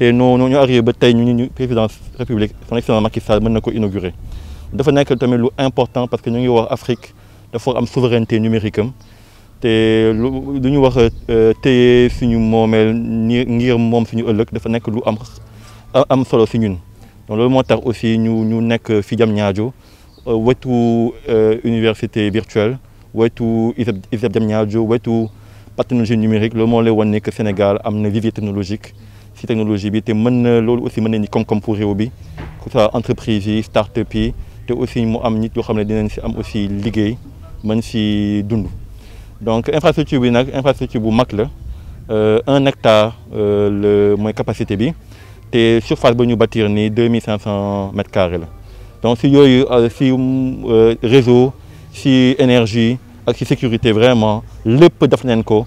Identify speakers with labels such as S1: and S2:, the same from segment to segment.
S1: te noo noo ñu arrivé ba tey ñu ñu président république son excellence Macky Sall mën na ko inauguré dafa nekk tamit lu important parce que ñu ngi wax Afrique dafa am souveraineté numérique am te lu lu ñu wax euh, téye suñu moomeel ni ngir moom suñu ëllëg dafa nekk lu am am solo ci ñun donc loolu moo aussi ñu ñu nekk fi Diamniadio euh, wetu euh, université virtuelle wetu isab ISEP Diamniadio wetu pathologie numérique le moo le wone que Sénégal am na vivier technologique si technologie bi té mën lolu aussi mën ni comme comme pour réew bi que ça entreprise start-up yi aussi mu am nit yo xamné dinañ ci am aussi liggéey mën ci dund donc infrastructure bi nak infrastructure bu mak la euh, un hectare euh, le moy capacité bi té surface ba ñu bâtir ni 2500 mètres carrés la donc si yoyu euh, si réseau si énergie ak si sécurité vraiment lepp def nañ ko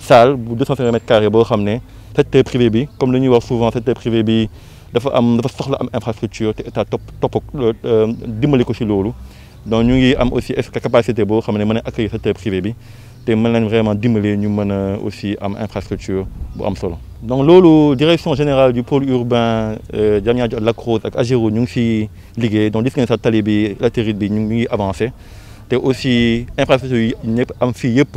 S1: salle bu 250 mètres carrés boo xam ne secteur privé bi comme li ñuy wax souvent secteur privé bi dafa am dafa soxla am infrastructure te état topp euh, euh, dimbali ko si loolu donc ñu ngi am aussi capacité boo xam ne mën a accueillir secteur privé bi te mën nañ vraiment dimbali ñu mën a aussi am infrastructure bu am solo. donc loolu direction générale du pôle urbain Jamia euh, ak la Rose ak Agéro ñu ngi fi liggéey donc gis ngeen sax tali bi latérite bi ñu ngi avancé te aussi infrastructure yi ñëpp am fii yëpp.